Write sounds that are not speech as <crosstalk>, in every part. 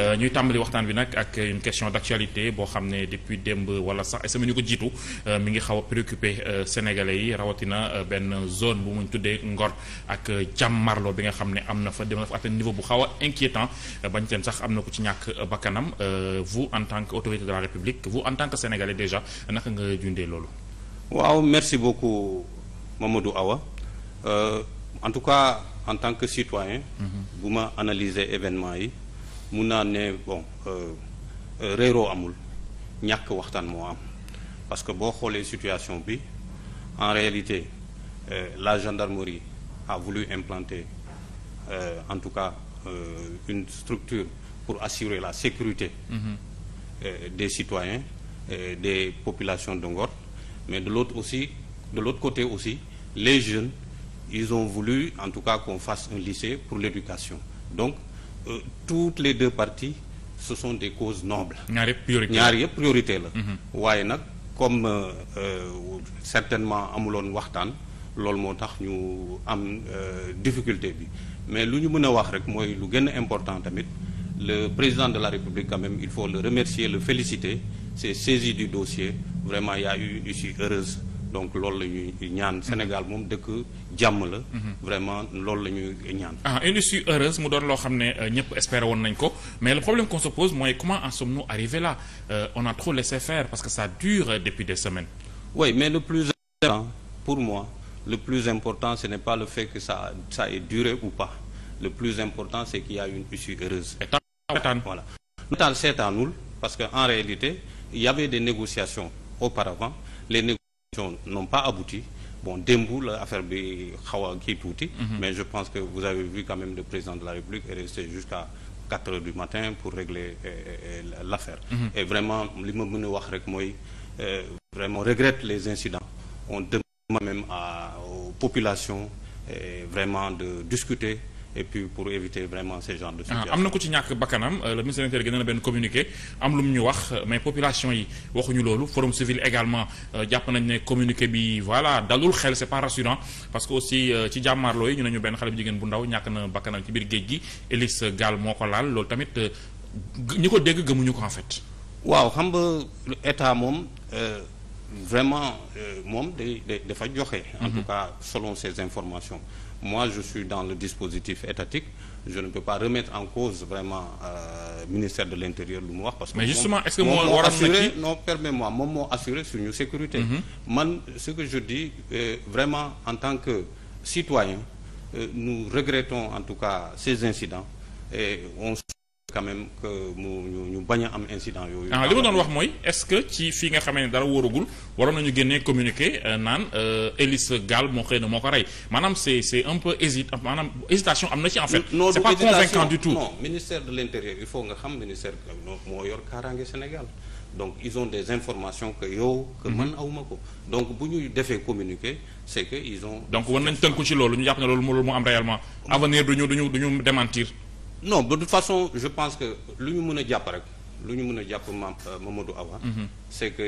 Euh, ñuy tàmbali waxtaan bi nag ak une question d'actualité boo xam ne depuis démb wala sax ay semaine ko jiitu euh, mi ngi xaw a préoccupé euh, sénégalais yi rawatina benn zone bu mu tuddee Ngor ak jàmmarloo bi nga xam ne am na fa dem na fa atteindre niveau bu xaw a inquiétant bañ teen sax am na ko ci ñàkk bakkanam vous en tant que autorité de la République vous en tant que sénégalais déjà naka nga jundee loolu waaw merci beaucoup Mamadou Awa en tout cas en tant que citoyen mm-hmm. bu ma analyser événement yi mun naa ne bon euh, euh, réeroo amul ñàkk waxtaan moo am parce que boo xoolee situation bi en réalité euh, la gendarmerie a voulu implanter en tout cas une structure pour assurer la sécurité mhm. des citoyens des populations de Ngor mais de l'autre aussi de l'autre côté aussi les jeunes ils ont voulu en tout cas qu'on fasse un lycée pour l'éducation donc euh, toutes les deux parties ce sont des causes nobles. ñaar yëpp priorité la ñaar yëpp priorité la. Mhm. waaye nag comme euh, euh, certainement amuloon waxtaan loolu moo tax ñu am euh, difficulté bi mais lu ñu mën a wax rek mooy lu gën a important tamit le président de la République quand même il faut le remercier le féliciter s'est saisi du dossier vraiment il a eu une issue heureuse. donc loolu la ñuy ñaan Sénégal moom dëkk jàmm la. Mhm. vraiment loolu la ñuy ñaan. ah une issue heureuse mu doon loo xam ne euh, ñëpp espérer woon nañ ko mais le problème qu'on se pose mooy comment en sommes arrivés là euh, on a trop laissé faire parce que ça dure depuis des semaines. oui mais le plus important pour moi le plus important ce n'est pas le fait que ça ça duré ou pas le plus important c'est qu'il y a une issue heureuse. voilà tant seetaanul que en n'ont pas abouti bon démb la affaire bi xaw a kii tuuti mhm. mais je pense que vous avez vu quand même le président de la République est resté jusqu'à quatre heures du matin pour régler euh, euh, euh, l'affaire mhm. et vraiment li ma mën a wax rek mooy vraiment regrette les incidents on demande aux populations vraiment de discuter et puis pour éviter vraiment ce genre de ah, situation am na ko ci ñàkk bakkanam euh, le ministre de l'Intérieur gën na benn communiqué am lu mu ñu wax mais population yi waxuñu loolu forum civil également euh, jàpp nañ ne communiqué bi voilà dalul xel c'est pas rassurant parce que aussi euh, ci jàmmaarloo yi ñu ne ñu benn xale bu jigéen bu ndaw ñàkk na bakkanam ci biir géej gi élis gaal moo ko laal loolu tamit ñi ko dégg gëmuñu ko en fait waaw xam nga état moom vraiment moom day day dafa joxe en mhm. tout cas selon ces informations moi je suis dans le dispositif étatique je ne peux pas remettre en cause vraiment euh, ministère de l'intérieur lu mu wax parce que mais justement est-ce que moom moo assuré non permets-moi moom moo assuré suñu sécurité mm ce que je dis euh, vraiment en tant que citoyen eh, nous regrettons en tout cas ces incidents et on quand même que mu ñu bañ am incident yooyu. ah li ma doon wax mooy est-ce que ci fii nga xamee ne dara wóoragul waroon nañu génnee communiqué euh, naan Élise euh, Gall moo xëy na moo ko rey maanaam c'est c'est un peu hésitation am na ci en fait. non c'est pas convaincant du tout. non ministère de l'intérieur il faut nga xam ministère moo yor kaaraange Sénégal donc ils ont des informations que yow. que mhm. man awma ko donc bu ñuy defee communiqué c'est que ils ont. donc war nañ tënku ci loolu ñu jàpp ne loolu moo am réellement avenir du ñu du ñu du ñu démentir. non de toute façon je pense que lu ñu mën a jàpp rek lu ñu mën a jàpp ma euh, Mamadou Awa mhm. c'est que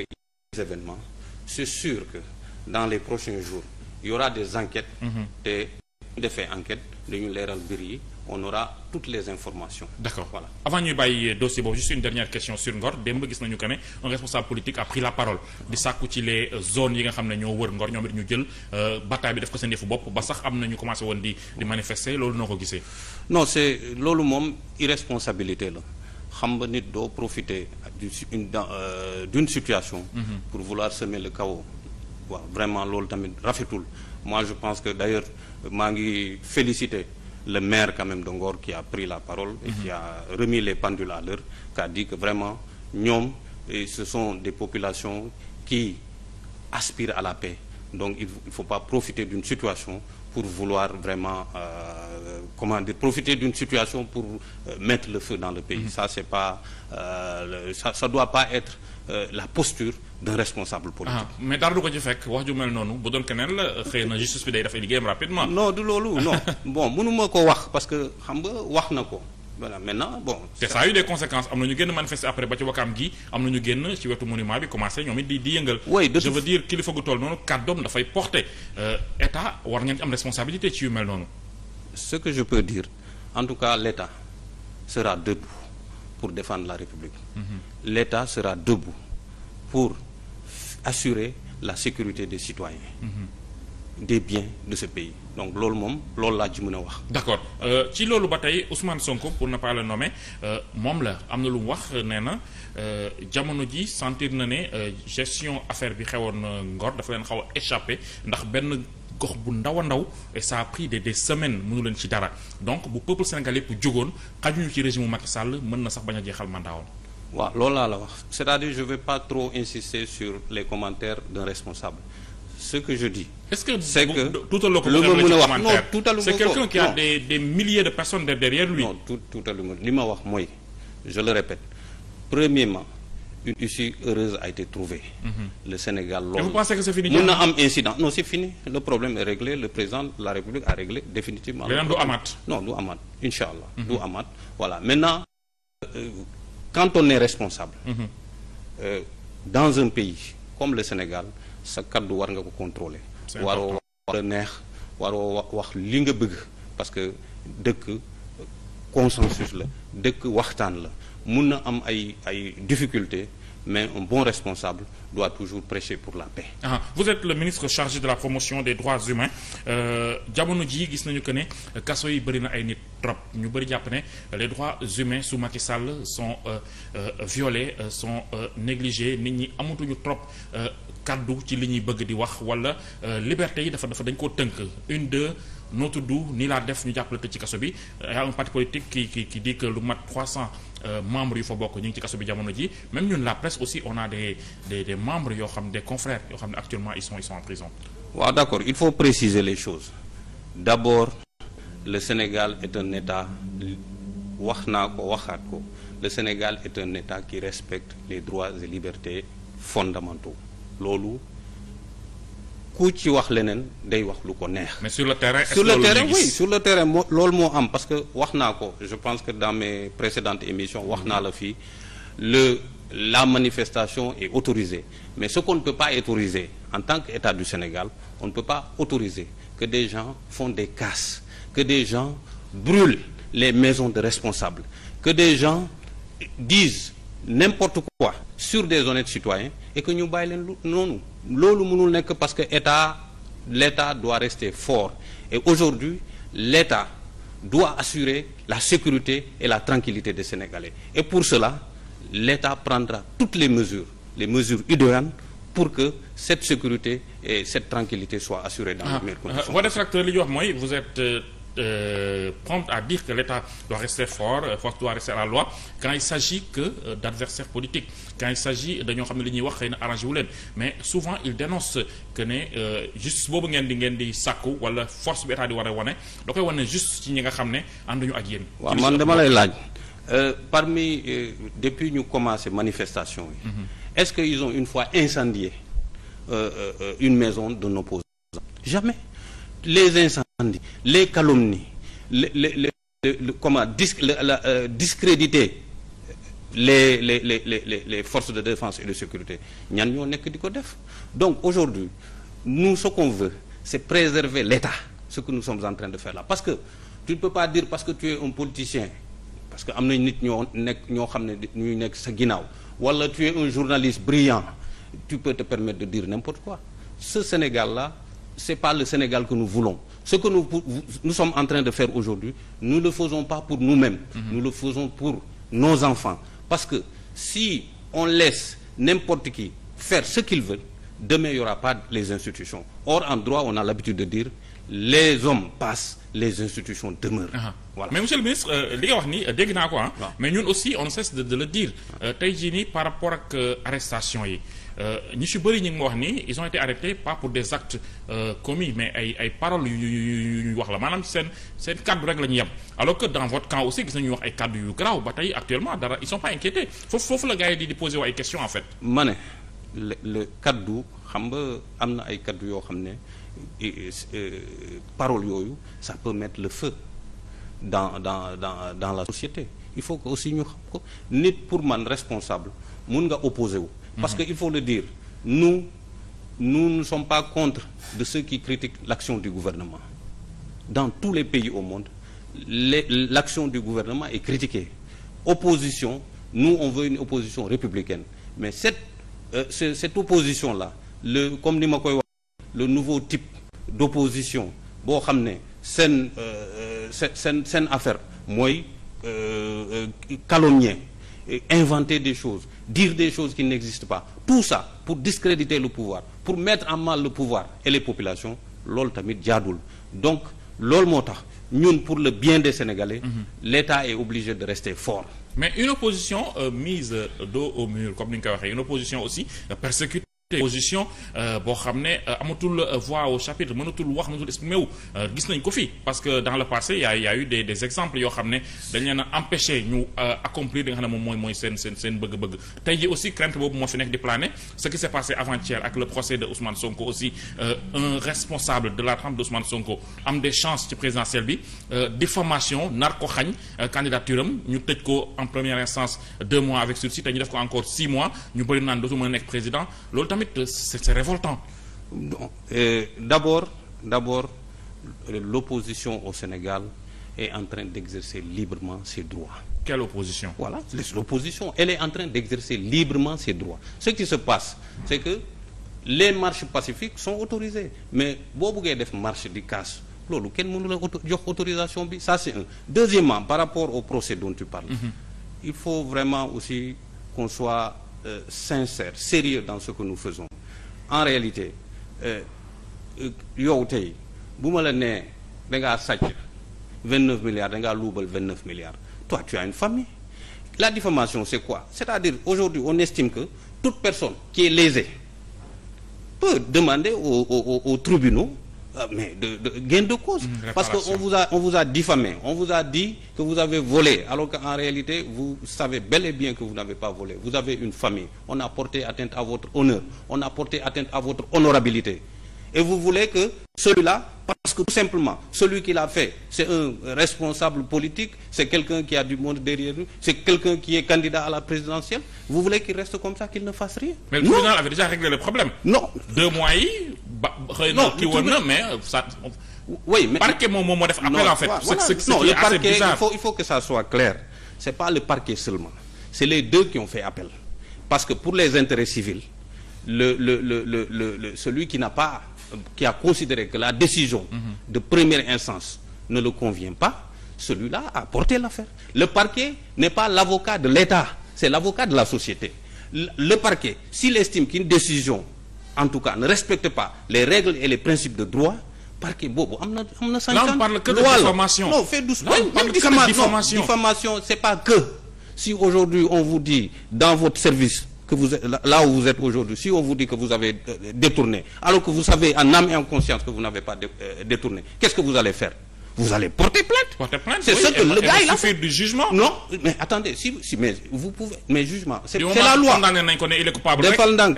des événements c'est sûr que dans les prochains jours il y aura des enquêtes mhm. te ñu defee enquête dañu leeral mbir yi on aura toutes les informations. d'accord voilà avant ñuy bàyyi dossier boobu juste une dernière question sur Ngor démb gis nañu que ne un responsable politique a pris la parole di sàkku ci les euh, zones yi nga xam ne ñoo wër Ngor ñoom it ñu jël euh, bataille bi def ko seen yëfu bopp ba sax am na ñu commencé woon di di manifester loolu noo ko gisee. non c'est loolu moom irresponsabilité la xam nga nit doo profiter d'une euh, d'une situation. Mhm. pour vouloir semer le chaos. waaw vraiment loolu tamit rafetul moi je pense que d'ailleurs maa ngi féliciter. le maire quand même de Ngor qui a pris la parole et qui a remis les pendules à l'heure, qui a dit que vraiment ñoom ce sont des populations qui aspirent à la paix donc il faut pas profiter d'une situation pour vouloir vraiment euh, comment dire profiter d'une situation pour euh, mettre le feu dans le pays. Mmh. Ça c'est pas euh, le, ça ça doit pas être euh, la posture d'un responsable ah, politique. Ah, mais dara ko ci fekk wax ju mel noonu bu doon keneen la xëy na justice bi day def liggéeyam rapidement. non du loolu non <laughs> bon mënuma ko wax parce que xam nga wax na ko. voilà maintenant bon. te ça a eu des conséquences am na ñu génn manifester après ba ci wakaam gi am na ñu génn ci wetu monument bi commencé ñoom it di yëngal. je veux dire kilifa gu toll noonu kàddoom dafay porter euh, état war ngeen ci am responsabilité ci yu mel noonu. ce que je peux dire en tout cas l' état sera debout pour défendre la république. Mm mm-hmm. l' état sera debout pour assurer la sécurité des citoyens. Mm-hmm. des biens de ce pays donc loolu moom loolu laa ji mun a wax. d'accord euh, ci loolu ba tey Ousmane Sonko pour ne pas le euh, moom la am na lu wax nee na euh, jamono ji sentir na ne gestion affaire bi xewoon Ngor dafa leen xaw a échappé ndax benn gox bu ndaw a ndaw et ça a pris des des semaines mënu leen ci dara donc bu peuple sénégalais yëpp jógoon xajuñu ci régime Macky Sall mën na sax bañ a jeexal mandaawam. waa loolu laa la wax c'est-à-dire je vais pas trop insister les commentaires d'un responsable ce que est-ce que c'est que tuutaloo ko. lu ma mën a a des des milliers de personnes derrière lui. non tuut tuutalu li ma wax mooy je le répète premièrement une issue heureuse a été trouvée. Mhm. le Sénégal loolu. et am incident non c'est fini le problème est réglé le président la République a réglé définitivement. leneen du amaat non du amaat incha allah. Mhm. du amaat euh, quand on est responsable. Mhm. Euh, dans un pays comme le Sénégal sa kaddu war nga ko contrôler. waroo war neex waroo wax li nga bëgg parce que dëkk consensus la dëkk waxtaan la mun na am ay ay difficultés mais un bon responsable doit toujours prêcher pour la paix. Ah, vous êtes le ministre chargé de la promotion des droits humains euh, jamono jii gis nañu que ne kaso yi bëri na ay nit trop ñu bëri jàpp ne les droits humains sous Macky son sont euh, euh, son euh, négligés nit ñi amatuñu trop kaddu ci li ñuy bëgg di wax wala euh, liberté yi dafa dafa dañ koo tënk une deux noo tudd nii laa def ñu jàppale tëj ci kaso bi y a un parti politique ki qui qui dit que lu mat 300 euh, membres yu fa bokk ñu ngi ci kaso bi jamono ji même ñun la presse aussi on a des des des yoo xam des confrères yoo xam ne actuellement ils sont ils sont en prison. waaw d'accord il faut préciser les choses d'abord le Sénégal est un état wax naa ko waxaat ko le Sénégal est un état qui respecte les droits et libertés fondamentaux. loolu ku ci wax leneen day wax lu ko neex. mais sur le terrain sur le terrain oui le terrain moo loolu moo am parce que wax na ko je pense que dans mes précédentes émissions wax naa la mm-hmm. fii le la manifestation est autorisée mais ce qu'on ne peut pas autoriser en tant qu'État du Sénégal on ne peut pas autoriser que des gens font des casses que des gens brûlent les maisons de responsables que des gens disent n'importe quoi sur des honnêtes citoyens et que ñu bàyyi leen lu noonu loolu mënul nekk parce que état l'état doit rester fort et aujourd'hui l'état doit assurer la sécurité et la tranquillité des Sénégalais et pour cela l'état prendra toutes les mesures les mesures idoines pour que cette sécurité et cette tranquillité soient assurées dans ah, les meilleures ah, conditions. Euh, votre facteur li ñu mooy vous êtes euh, euh, prompt à dire que l'État doit rester fort euh, force doit rester à la loi quand il s'agit que euh, d'adversaires quand il s'agit dañoo xam ne li ñuy wax xëy na arrangé wu leen mais souvent il dénonce que ne euh, justice boobu ngeen di ngeen di sàkku wala force bi état di war a wane da koy wane juste ci ñi nga xam ne ànduñu ak yéen. waaw man dama lay laaj euh, parmi depuis ñu commencé manifestation yi. Mhm. est-ce que ils ont une fois incendié une maison d'un opposant jamais. les incendies les calomnies le le le comment dis la euh, discréditer les les les les les forces de défense et de sécurité ñan ñoo nekk di ko def donc aujourd'hui nous ce qu'on veut c'est préserver l'État ce que nous sommes en train de faire là parce que tu ne peux pas dire parce que tu es un politicien parce que am nañ nit ñoo nekk ñoo xam ne ñuy nekk sa ginnaaw wala tu es un journaliste brillant tu peux te permettre de dire n'importe quoi ce Sénégal la c'est pas le Sénégal que nous voulons ce que nous nous sommes en train de faire aujourd'hui nous le faisons pas pour nous-mêmes mm -hmm. nous le faisons pour nos enfants parce que si on laisse n'importe qui faire ce qu'il veut demain il y aura pas les institutions or en droit on a l'habitude de dire les hommes passent les institutions demeurent. Uh -huh. voilà mais monsieur le ministre euh, li nga wax ni euh, dégg naa ko ah. mais ñun aussi on ne cesse de de le dire euh, tey jii nii par rapport ak arrestation yi. Euh, ñu si bëri ñi ngi ma wax nii ils ont été arrêtés pas pour des actes euh, commis mais ay ay paroles yu yu yu wax la maanaam seen seen kaddu rek lañu ñu yem alors que dans votre camp aussi gis nañu wax ay kaddu yu garaaw ba tey actuellement dara ils sont pas inquiétés foofu foofu la gars yi di di poser ay questions en fait. ma le kaddu xam nga am na ay kaddu yoo xam ne euh, paroles yooyu ça peut mettre le feu dans dans dans dans la société il faut que aussi ñu xam ko nit pour man responsable mun nga opposé wu. Parce que il faut le dire, nous, nous ne sommes pas contre de ceux qui critiquent l'action du gouvernement. Dans tous les pays au monde, l'action du gouvernement est critiquée. Opposition, nous on veut une opposition républicaine. Mais cette, euh, cette opposition-là, le comme ni ma koy wax le nouveau type d'opposition boo xam ne seen euh, euh, seen seen affaire mooy euh, calomnier inventer des choses, dire des choses qui n'existent pas. Tout ça pour discréditer le pouvoir, pour mettre en mal le pouvoir et les populations, loolu tamit jaadul. Donc loolu moo tax ñun pour le bien des Sénégalais, mm -hmm. l'État est obligé de rester fort. Mais une opposition euh, mise dos au mur, comme ni nga waxee, une opposition aussi euh, persécutée. position euh, boo xam ne euh, amatul euh, voix au chapitre mënatul wax mënatul exprimer gis nañ ko fi parce que dans le passé y a y a eu des exemples yoo xam ne dañ leen a empêché ñu accomplir li xam ne mooy mooy seen seen seen bëgg-bëgg tey ji aussi crainte boobu moo fi nekk di plané ce qui s'est passé avant ak le procès de Ousmane Sonko aussi un responsable de de Ousmane Sonko am des chances ci présidentielle bi diffamation nar ko xañ candidature ñu tëj ko en première instance deux mois avec sursis te ñu def encore six mois tamit euh, c'est révoltant bon d'abord d'abord l'opposition au Sénégal est en train d'exercer librement ses droits quelle opposition voilà l'opposition elle est en train d'exercer librement ses droits ce qui se passe c'est que les marches pacifiques sont autorisées mais boo buggee def marche di casse loolu kenn mënu la jox autorisation bi ça c'est un deuxièmement par rapport au procès dont tu parles mm -hmm. il faut vraiment aussi qu'on soit euh, sincère sérieux dans ce que nous faisons en réalité euh, yow tey bu ma la nee dangaa sàcc vingt neuf milliards dangaa luubal vingt neuf milliards toi tu as une famille la diffamation c'est quoi c'est-à-dire aujourd'hui on estime que toute personne qui est lésée peut demander aux, aux, aux, aux tribunaux Euh, mais de de gain cause. parce que on vous a on vous a diffamé on vous a dit que vous avez volé alors qu'en réalité vous savez bel et bien que vous n'avez pas volé vous avez une famille on a porté atteinte à votre honneur on a porté atteinte à votre honorabilité Et vous voulez que celui-là, parce que simplement, celui qui l'a fait, c'est un responsable politique, c'est quelqu'un qui a du monde derrière lui, c'est quelqu'un qui est candidat à la présidentielle, vous voulez qu'il reste comme ça, qu'il ne fasse rien Mais le problème. Non. Deux mois, non, mais ça... Oui, mais... Le parquet, mon moment def en fait. non, le parquet, il faut, que ça soit clair. C'est pas le parquet seulement. C'est les deux qui ont fait appel. Parce que pour les intérêts civils, le le le le le, le celui qui n'a pas qui a considéré que la décision mhm. de première instance ne le convient pas celui-là a porté l'affaire le parquet n'est pas l'avocat de l'État c'est l'avocat de la société le, le parquet s'il estime qu'une décision en tout cas ne respecte pas les règles et les principes de droit parquet boobu am na am na sanction là on parle que de diffamation non fait que si aujourd'hui on vous dit dans votre service que vous êtes là où vous êtes aujourd'hui si on vous dit que vous avez euh, détourné alors que vous savez en âme et en conscience que vous n'avez pas euh, détourné qu'est-ce que vous allez faire vous allez porter plainte. Porter plainte, c'est oui, ce que le gars il a fait non mais attendez vous pouvez mais jugement. c'est la loi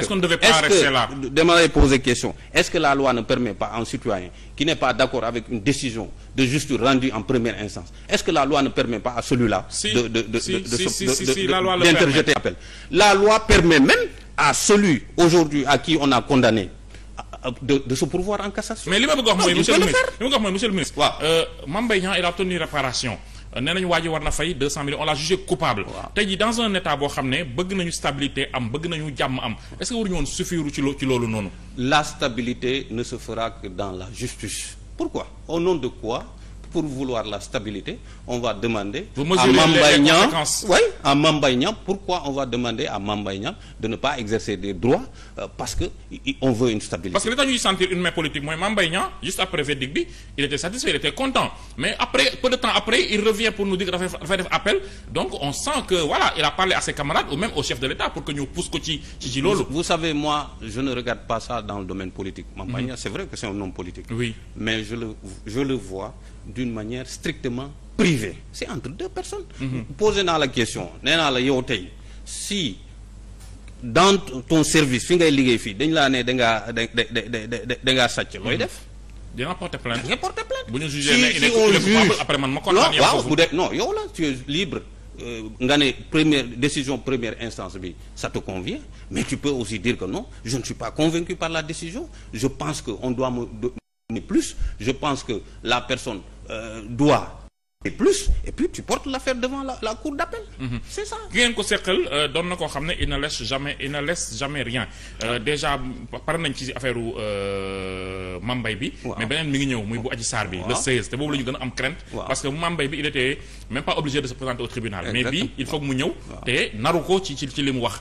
condamné poser question est-ce que la loi ne permet pas un citoyen qui n'est pas d'accord avec une décision de justice rendue en première instance est-ce que la loi ne permet pas à celui-là. d'interjeter appel. La loi permet même à celui aujourd'hui à qui on a condamné. de de se pourvoir en cassation. mais li ma bëgg wax mooy monsieur ministre li ma bëgg wax mooy monsieur ministre. waaw euh, il a obtenu réparation. Euh, nee nañu waa ji war na fay millions on l'a jugé coupable. tey dans un état boo xam ne bëgg nañu stabilité am bëgg nañu jàmm am est-ce que waruñu woon suffire ci ci loolu noonu. la stabilité ne se fera que dans la justice. pourquoi au nom de quoi. pour vouloir la stabilité on va demander à Mame pourquoi on va demander à Mame de ne pas exercer des droits euh, parce que on veut une stabilité parce que li tax une main politique mooy juste après verdict il était satisfait il était content mais après peu de temps après il revient pour nous dire que dafay def appel donc on sent que à ses camarades ou même au chef de l'État pour que ñu pousse ko ci ci vous savez moi je ne regarde d'une manière strictement privée c'est entre deux personnes mm -hmm. la question nee naa la yow tey si dans ton service fi ngay liggéey fii dañ laa ne dangaa da da da da ngaa sàcc mhm. def dina porter plainte dina porter plainte bu ñu jugee ne il est après man ma kontaan waaw bu dee non yow la tu es libre euh, nga ne première décision première instance bi ça te convient mais tu peux aussi dire que non je ne suis pas convaincu par la décision je pense que on doit me donner plus je pense que la personne euh, doit. et plus et puis tu portes l'affaire devant la la cour d'appel. Mhm. c'est ça. ki ngeen ko seqal euh, doon na koo xam ne il ne laisse jamais il ne laisse jamais rien euh, ah. déjà pare nañ ci affaire euh, Mambay bi. mais beneen mi ngi ñëw muy bu Adji Sarr bi. le 16 te boobu la ñu gën a am crainte. parce que Mambay bi il était même pas obligé de se présenter au tribunal. mais bii il faut mu ñëw. te naru ko ci ci li mu wax.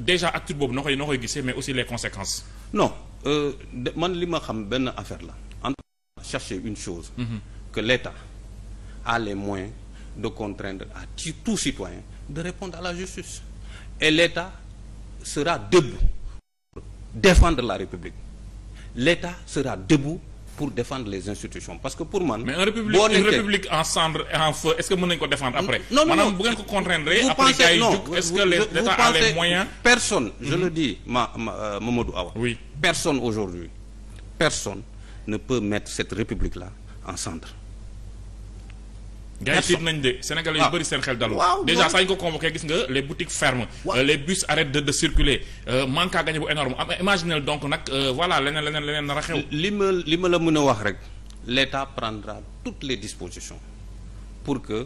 déjà acte boobu noo koy noo koy gisee mais aussi les conséquences. non man li ma xam benn affaire la en que l'État a les moyens de contraindre à tout citoyen de répondre à la justice. Et l'État sera debout pour défendre la République. L'État sera debout pour défendre les institutions parce que pour man. mais en république une en cendre et en feu est-ce que mën nañu ko défendre après. non non maanaam bu contraindre. après personne je le mhm. dis ma ma euh, Mamadou Awa. oui personne aujourd'hui personne ne peut mettre cette république là en cendre. gaa yi tiit nañ de sénégalais yu ah. bëri seen xel dalul déjà saa ñu ko convoqué gis nga les boutiques ferment euh, les bus arrêtent de de circuler euh, manque à gagner bu énorme am imaginel donc nag euh, voilà leneen leneen leneen nar a xew li ma li ma la mën a wax rek l'État prendra toutes les dispositions pour que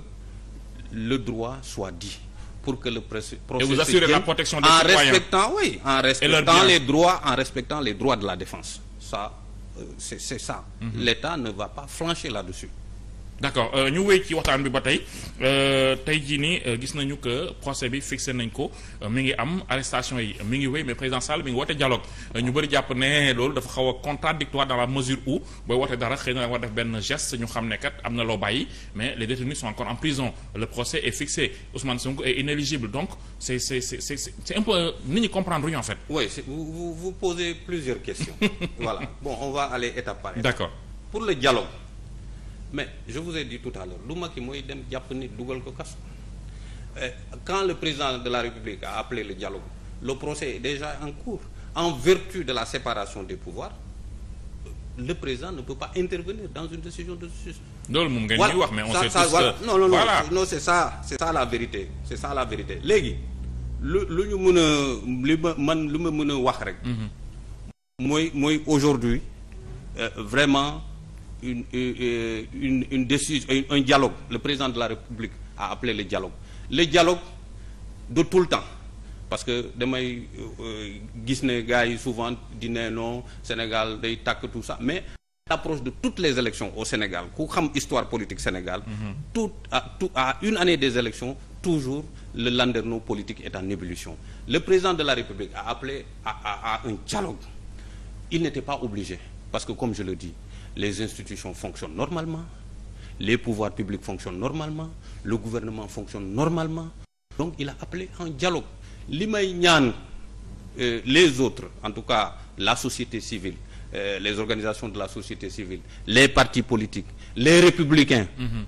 le droit soit dit pour que le processus et vous assurez la protection des citoyens en respectant oui en respectant les droits en respectant les droits de la défense ça c'est c'est ça mm-hmm. l'État ne va pas flancher là-dessus d'accord euh, ñu wéy ci waxtaan bi ba tey euh, tey jii nii euh, gis nañu que procès bi fixé nañ ko mu ngi am arrestation yi mi ngi wéy mais président Sall bi ngi woote dialogue ñu bëri jàpp ne loolu dafa xaw a contradictoire dans la mesure où booy woote dara xëy na da war def benn geste ñu xam ne kat am na loo bàyyi mais les détenus sont encore en prison le procès est fixé Ousmane Sonko est inéligible donc c'est c'est c'est c'est nit ñi comprendre ñu en fait. oui c'est vous vous vous posez plusieurs <laughs> pour le dialogue. mais je vous ai dit tout à l'heure lu Macky mooy dem jàpp nit dugal ko kaso quand le président de la République a appelé le dialogue le procès est déjà en cours en vertu de la séparation des pouvoirs le président ne peut pas intervenir dans une décision de justice. wax mais on sait tous que non non voilà. non c'est la vérité c'est ça la vérité léegi lu lu ñu mën a li ma lu ma mën a wax rek. Mhm. mooy mooy aujourd'hui euh, vraiment. une une euh, une, une décision un dialogue le président de la République a appelé le dialogue le dialogue de tout le temps parce que damay euh, gis ne gars yi souvent di ne non Sénégal day tàkk tout ça mais l'approche de toutes les élections au Sénégal ku xam histoire politique Sénégal mhm. tout à à une année des élections toujours le landerneau politique est en ébullition le président de la République a appelé à, à, à un dialogue il n'était pas obligé parce que comme je le dis les institutions fonctionnent normalement les pouvoirs publics fonctionnent normalement le gouvernement fonctionne normalement donc il a appelé un dialogue li may ñaan euh, les autres en tout cas la société civile euh, les organisations de la société civile les partis politiques les républicains mm-hmm.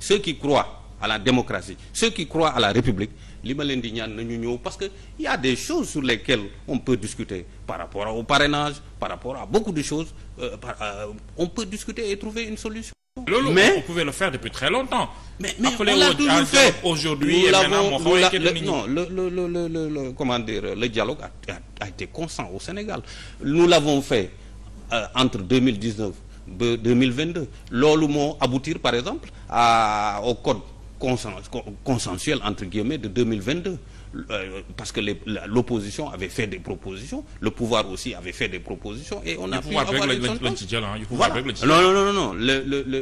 ceux qui croient à la démocratie ceux qui croient à la République li ma leen di ñaan nañu ñëw parce que il y a des choses sur lesquelles on peut discuter par rapport au parrainage par rapport à beaucoup de choses euh, par, euh, on peut discuter et trouver une solution loolu mais on pouvait le faire depuis très longtemps mais l'a toujours fait aujourd'hui et maintenant moo xaw a inquiété non le dialogue a, été constant au Sénégal nous l'avons fait euh, entre 2019 loolu moo aboutir par exemple à au code consen consensuel entre guillemets de 2022 euh, parce que les l'opposition avait fait des propositions le pouvoir aussi avait fait des propositions et on a pu avoir une sentence voilà non non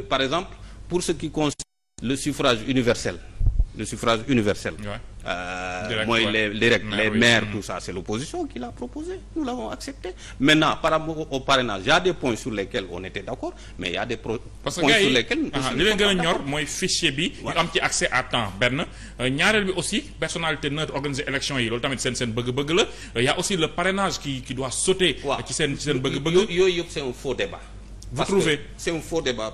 par exemple pour ce qui concerne le suffrage universel le suffrage universel ouais. Euh, mooy les les rek les maires tout ça c'est l'opposition qui l'a proposé nous l'avons accepté maintenant par rapport au parrainage y a des points sur lesquels on était d'accord mais y a des pro que points sur lesquels ah, li leen gën a mooy fichier bi ñu am ci accès à temps benn euh, ñaareel bi aussi personnalité neutre organiser élection yi loolu tamit seen seen bëgg-bëgg la euh, y a aussi le parrainage qui qui doit sauter ci seen ci seen bëgg-bëgg yooyu yëpp c'est un faux débat vous trouvez c'est un faux débat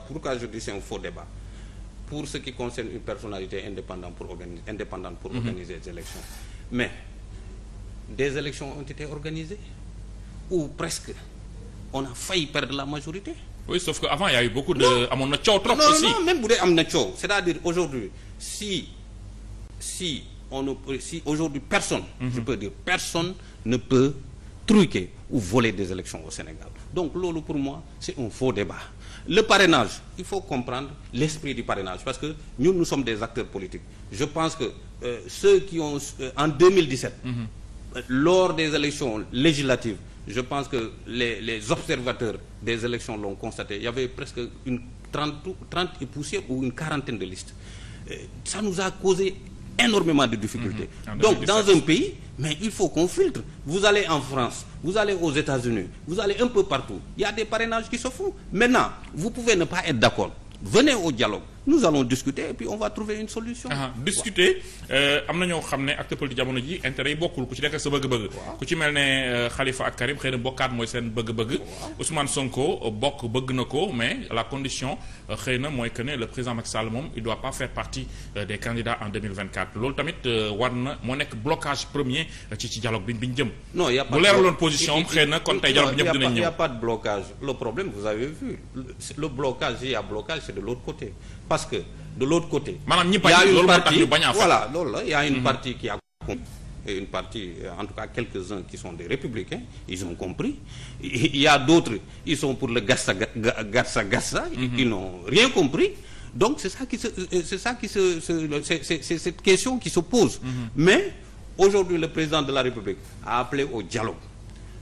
pour ce qui concerne une personnalité indépendante pour organiser indépendante pour mhm. organiser des élections mais des élections ont été organisées ou presque on a failli perdre la majorité. oui sauf que avant y a eu beaucoup de. amoon na coow trop même bu dee am na coow c'est-à-dire aujourd'hui si si on ne peut personne. Mhm. personne ne peut truquer ou voler des élections au Sénégal donc loolu pour moi c'est un faux débat. le parrainage il faut comprendre l'esprit du parrainage parce que ñun nous sommes des acteurs pense que euh, ceux qui ont euh, en 2017 mm -hmm. lors je pense que les les observateurs des élections l'ont constaté il y avait presque une trente trente et poussière ou une quarantaine euh, ça nous a de difficultés mm-hmm. ah, mais il faut qu'on filtre vous allez en France vous allez aux États-Unis vous allez un peu partout il y a des parrainages qui se font maintenant vous pouvez ne pas être d'accord venez au dialogue nous allons discuter et puis on va trouver une solution. Ah, discuter euh, am na ñoo xam ne acte politique jamono ji intérêt yi bokkul ku ci nekk sa bëgg-bëgg. ku ci mel ne euh, Khalifa ak Karim xëy na bokkaat mooy seen bëgg-bëgg. Ousmane Sonko bokk bëgg na ko mais la condition euh, xëy na mooy que ne le président Macky Sall moom il doit pas faire partie des candidats en loolu tamit war na moo nekk blocage premier ci ci dialogue bi bi ñu jëm. non y' a pas position am xëy na kon ñëpp dinañ ñëw. y' a pas de a blocage c'est de côté. parce que de l'autre côté. maanaam voilà loolu la y a une mm-hmm. partie qui a. et une partie en tout cas quelques-uns qui sont des républicains ils ont compris il y a d'autres ils sont pour le gassa gassa gassa ils n'ont rien compris donc c'est ça qui se c'est ça qui se c'est pose mm-hmm. mais aujourd'hui le président de la République a appelé au dialogue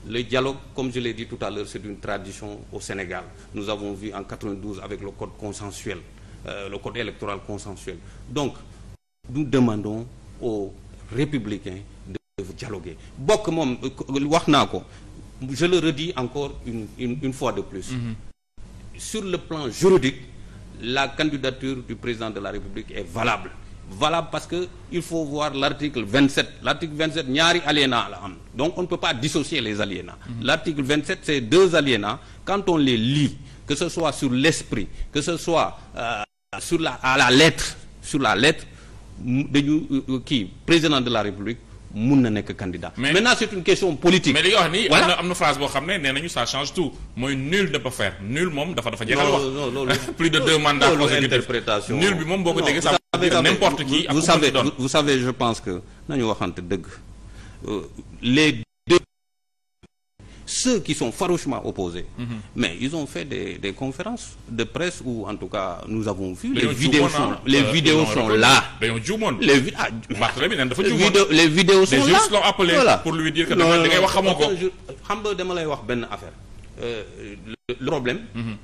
le dialogue comme je l'ai dit tout à l'heure c'est une tradition au Sénégal nous avons vu en 92 avec le code consensuel euh, le code électoral consensuel. Donc, nous demandons aux républicains de dialoguer. bokk moom euh, wax naa ko je le redis encore une une, une fois de plus. Mm sur le plan juridique la candidature du président de la République est valable. valable parce que il faut voir l'article 27 l'article 27 ñaari alinéa la am donc on ne peut pas dissocier les alinéas. Mm -hmm. l'article 27 c'est deux alinéas quand on les lit que ce soit sur l'esprit que ce soit. Euh, Euh, sur la à la lettre sur la lettre dañu euh, euh, kii président de la république mun na nekk candidat. mais c'est une question politique. mais li nga nii am na am na phrase boo xam ne nee nañu ça change tout mooy nul ne peut faire nul moom dafa dafa jeexal wax. plus de deux mandats moom boo ko déggee ça peut vous savez vous savez je pense que nañu waxante dëgg les ceux qui sont farouchement opposés mhm. mais ils ont fait des des conférences de presse ou en tout cas nous avons vu les vidéos sont les euh, vidéos là les vi ah dafa sont là l'ont pour lui dire que da ngay wax xamoo ko xam nga dama lay wax benn affaire euh, le problème mhm.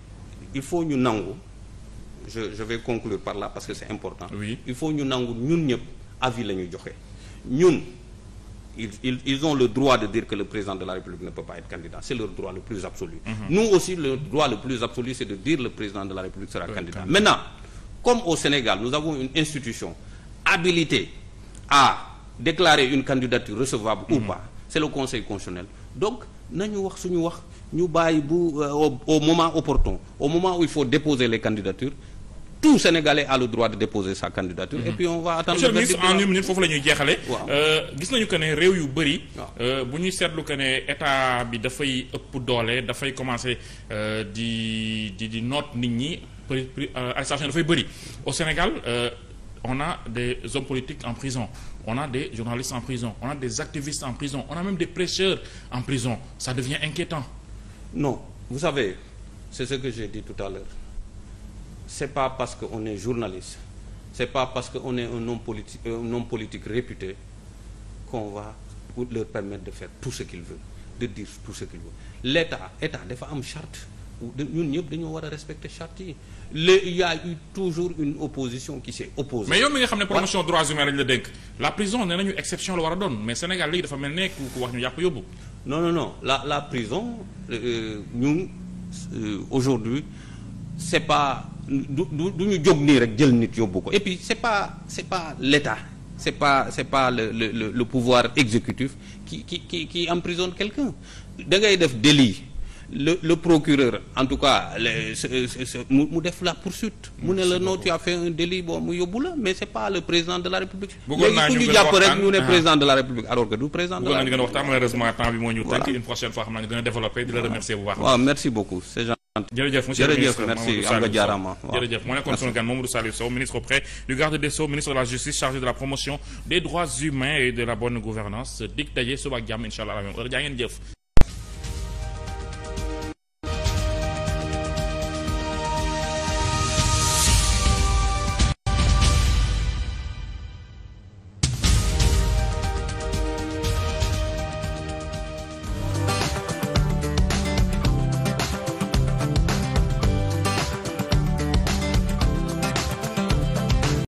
il faut ñu nangu je je vais conclure par là parce que c'est important il faut ñu nangu ñun ñëpp avis la ñu joxe ñun ils, ils ils ont le droit de dire que le président de la République ne peut pas être candidat c'est leur droit le plus absolu mm -hmm. nous aussi le droit le plus absolu c'est de dire le président de la République sera candidat. maintenant comme au Sénégal nous avons une institution habilitée à déclarer une candidature recevable mm -hmm. ou mhm. pas c'est le Conseil constitutionnel donc nañu wax suñu wax ñu bàyyi bu euh, au moment opportun au moment où il faut déposer les candidatures tout Sénégalais a le droit de déposer sa candidature. et mhm. monsieur le ministre en foofu la jeexale. Euh, gis nañu que ne réew yu bëri. Euh, bu ñuy seetlu que ne état bi dafay ëpp doole dafay commencer euh, di di di noot nit ñi prix prix arrestation dafay bëri au Sénégal. on a des hommes politiques en prison on a des journalistes en prison on a des activistes en prison on a même des prêcheurs en prison ça devient inquiétant no vous savez c'est ce que j'ai dit tout à l'heure c'est pas parce que on est journaliste c'est pas parce que on est un homme politique euh, un homme politique réputé qu'on va leur permettre de faire tout ce qu'ils veulent de dire tout ce qu'ils veulent l'État État dafa am charte ñun ñëpp dañoo war a respecter charte yi le il y a eu toujours une opposition qui s'est opposée mais yow mi nga xam ne promotion droits humains lañ la dénk la prison nee nañu exception la war a doon mais Sénégal léegi dafa mel ne ku wax ñu yàpp la la prison euh, euh, ñun euh, aujourd'hui du du du ñu jóg nii rek jël nit yóbbu ko et puis c'est pas c'est pas l'État c'est pas c'est pas le pouvoir exécutif qui emprisonne quelqu'un da def délit le procureur en tout cas mu def la poursuite. mu ne la non tu as fait un délit bon mu yóbbu la mais c'est pas le président de la république. bëggoon naa ne ah. président de la république alors que du président. de la république bëggoon naa a waxtaan malheureusement remercier bu baax. merci beaucoup jërëjëf monsieur le ministre merci am nga jaarama jërëjëf moo ministre auprès du garde des Sceaux ministre de la justice chargé de la promotion des droits humains et de la bonne gouvernance dig daje suba ak allah même heure jaa ngeen